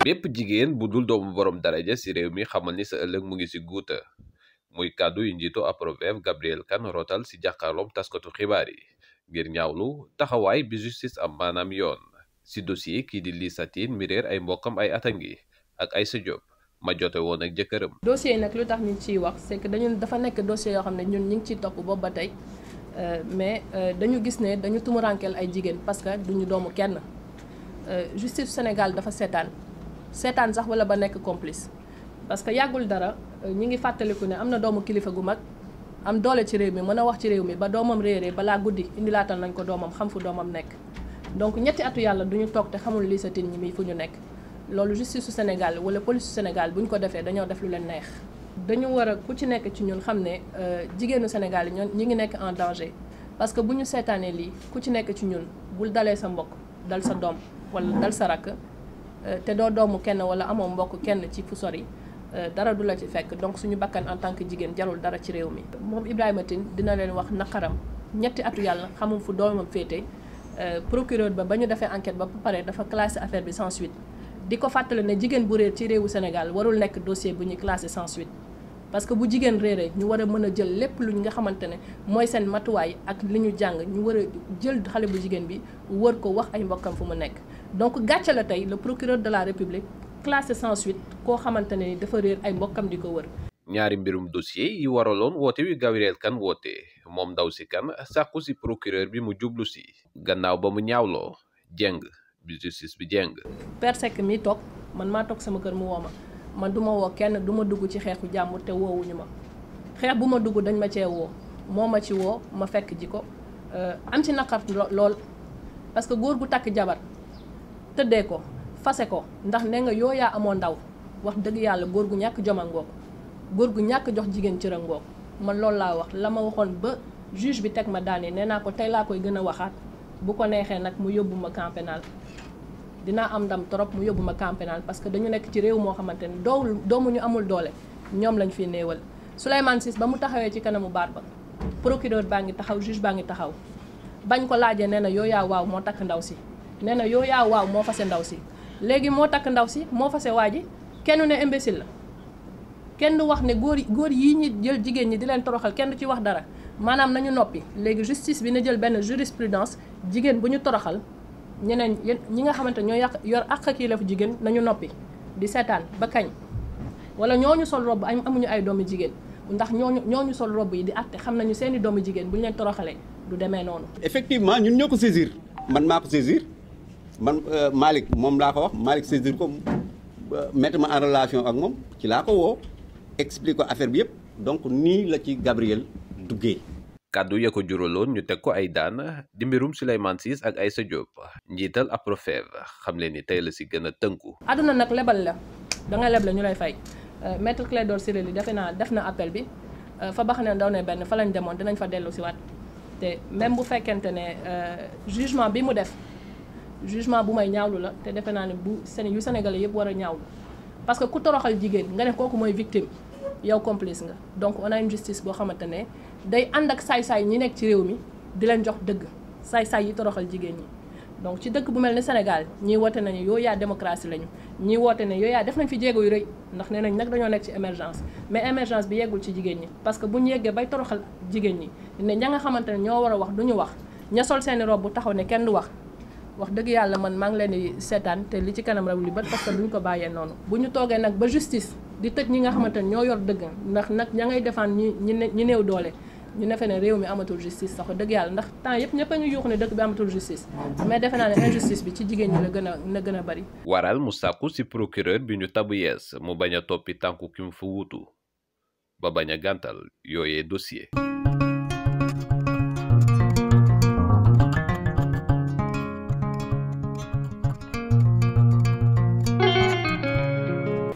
bépp jigéen bu dul doomu borom daraja ci réew mi xamal ni sa ëllëg mu ngi ci guuta muy kàddu yu njiitu APROFEV Gabriel Kane rotal ci jàkkaarloom taskatu xibaar yi ngir ñaawlu taxawaay bi justice am maanaam yoon ci dossier kii di Lissa Tine mi ay mbokkam ay atangi ak Aïssa Diop ma jote woon ak jëkkëram. dossier nag lu tax ñu ciy wax c'est que dañu dafa nekk dossier yoo xam ne ñun ñu ngi ciy topp boobu ba tey euh, mais euh, dañu gis ne dañu tumurankeel ay jigéen parce que duñu doomu kenn euh, justice Sénégal dafa seetaan. seetaan sax wala ba nekk complice parce que yàggul dara euh, ñi ngi fàttaliku ne am na doomu kilifa gu mag am doole ci réew mi mën a wax ci réew mi ba doomam réeree balaa guddi indilaatal nañ ko doomam xam fu doomam nekk donc ñetti atu yàlla duñu toog te xamul lii sa tin ñi fu ñu nekk loolu justice su Sénégal wala police su Sénégal bu ko defee dañoo def lu leen neex dañu war a ku ci nekk ci ñun xam ne euh, jigéenu Sénégal yi ñoo ñi ngi nekk en danger parce que bu ñu seetaanee lii ku ci nekk ci ñun bul dalee sa mbokk dal sa doom wala dal sa rakk Euh, te doo doomu kenn wala amoo mbokk kenn ci fu sori euh, dara du la ci fekk donc suñu bakkan en tant que jigéen jarul dara ci réew mi. moom Ibrahima Tine dina leen wax naqaram ñetti atu yàlla xamul fu doomam féete euh, procureur ba ba ñu defee enquête ba pare dafa classé affaire bi sans suite di ko fàttale ne jigéen bu réer ci réewu Sénégal warul nekk dossier bu ñuy classé sans suite. parce que bu jigéen réeree ñu war a mën a jël lépp lu nga xamante ne mooy seen matuwaay ak li ñu jàng ñu war a jël xale bu jigéen bi wër ko wax ay mbokkam fu mu nekk. donc gàcce la tey le procureur de la république classé sans suite koo xamante ni dafa réer ay mbokkam di ko wër. ñaari mbirum dossier yi waraloon woote wi Gabrielle Kane woote moom ndaw si Kane sàkku si procureur bi mu jublu si. gannaaw ba mu ñaawloo jeng bi justice bi jeng. persek mi toog man maa toog sama kër mu woo ma man du ma woo kenn du ma dugg ci xeexu jàmbur te woowuñu ma xeex bu ma dugg dañ ma cee woo moo ma ci woo ma fekk ji ko euh, am ci naqar lool parce que góor gu takk jabar. tëddee ko fase ko ndax ne nga yoo yaa amoon ndaw wax dëgg yàlla góor gu ñàkk joma ngoog góor gu ñàkk jox jigéen cëra ngoog man loolu laa wax la ma waxoon ba juge bi teg ma daane nee naa ko tey laa koy gën a waxaat bu ko neexee nag mu yóbbu ma camp pénal am ndam trop mu yóbbu ma camp parce que dañu nekk ci réew moo xamante ne doowul doomu ñu amul doole ñoom lañ fi néewal Souleymane Ciss ba mu taxawee ci kanamu baat ba procureur baa ngi taxaw juge baa ngi taxaw bañ ko laajee nee na yooyaa waaw moo takk ndaw si nee na yow yaa waaw moo fase ndaw si léegi moo takk ndaw si moo fase waa ji kenn ne imbécile la kenn du wax ne góor góor yii ñu jël jigéen ñi di leen toroxal kenn du ci wax dara maanaam nañu noppi léegi justice bi na jël benn jurisprudence jigéen bu ñu toroxal ñeneen ñi nga xamante ñoo yàq yor àq ak yelleefu jigéen nañu noppi di seetaan ba kañ wala ñu sol robb amuñu ay doomu jigéen ndax ñoo ñoo ñu sol robb yi di àtte xam nañu seeni doomu jigéen bu ñu leen toroxalee du demee noonu effectivement ñun ñoo ko saisir man maa ko saisir man euh, Malick moom laa ko wax Malick saisir ko mettre ma en relation ak moom ci laa ko woo explique ko affaire bi yëpp donc nii la ci Gabriel duggee. kàddu ya ko juraloon ñu teg ko ay daan di mbirum Souleymane Ciss ak Aïssa Diop njiital APROFEV xam leen ni tey la si gën a tënku. àdduna nag lebal la da nga la ñu lay fay euh, maître Clédor Ciré Ly defe naa def na appel bi euh, fa bax ne ndaw ne benn fa lañ demoon dinañ fa dellu si waat te même bu fekkente ne jugement bi mu def. jugement bu may ñaawlu la te defe naa ne bu Séné yu Sénégalais yëpp war a ñaawlu parce que ku toroxal jigéen nga ne kooku mooy victime yow complice nga donc on a justice boo xamante ne day ànd ak saay-saay ñi nekk ci réew mi di leen jox dëgg saay-saay yi toroxal jigéen ñi. donc ci dëkk bu mel ne Sénégal ñii woote nañu yooyu yaa démocratie lañu ñii woote ne yooyu def nañ fi jéego yu rëy ndax ne nañ nag dañoo nekk ci émergence mais émergence bi yeggul ci jigéen ñi parce que bu ñu yeggee bay toroxal jigéen ñi ne ña nga xamante ne ñoo war a wax du ñu wax ña sol bu taxaw ne kenn du wax wax dëgg yàlla man maa ngi leen di seetaan te li ci kanam raw li bët parce que duñ ko bàyyee noonu bu ñu toogee nag ba justice di tëj ñi nga xamante ne ñoo yor dëgg ndax nag ña ngay defaan ñi ñi néew doole ñu defe ne réew mi amatul justice sax dëgg yàlla ndax temps yëpp ñëpp a ngi ne dëkk bi amatul justice mais defe naa ne injustice bi ci jigéen ñi la gën a na gën a bari. waral mu sàkku si procureur bi ñu tabu yees mu bañ a toppi tànku ki mu fu wuutu ba bañ a gàntal yooyee dossier.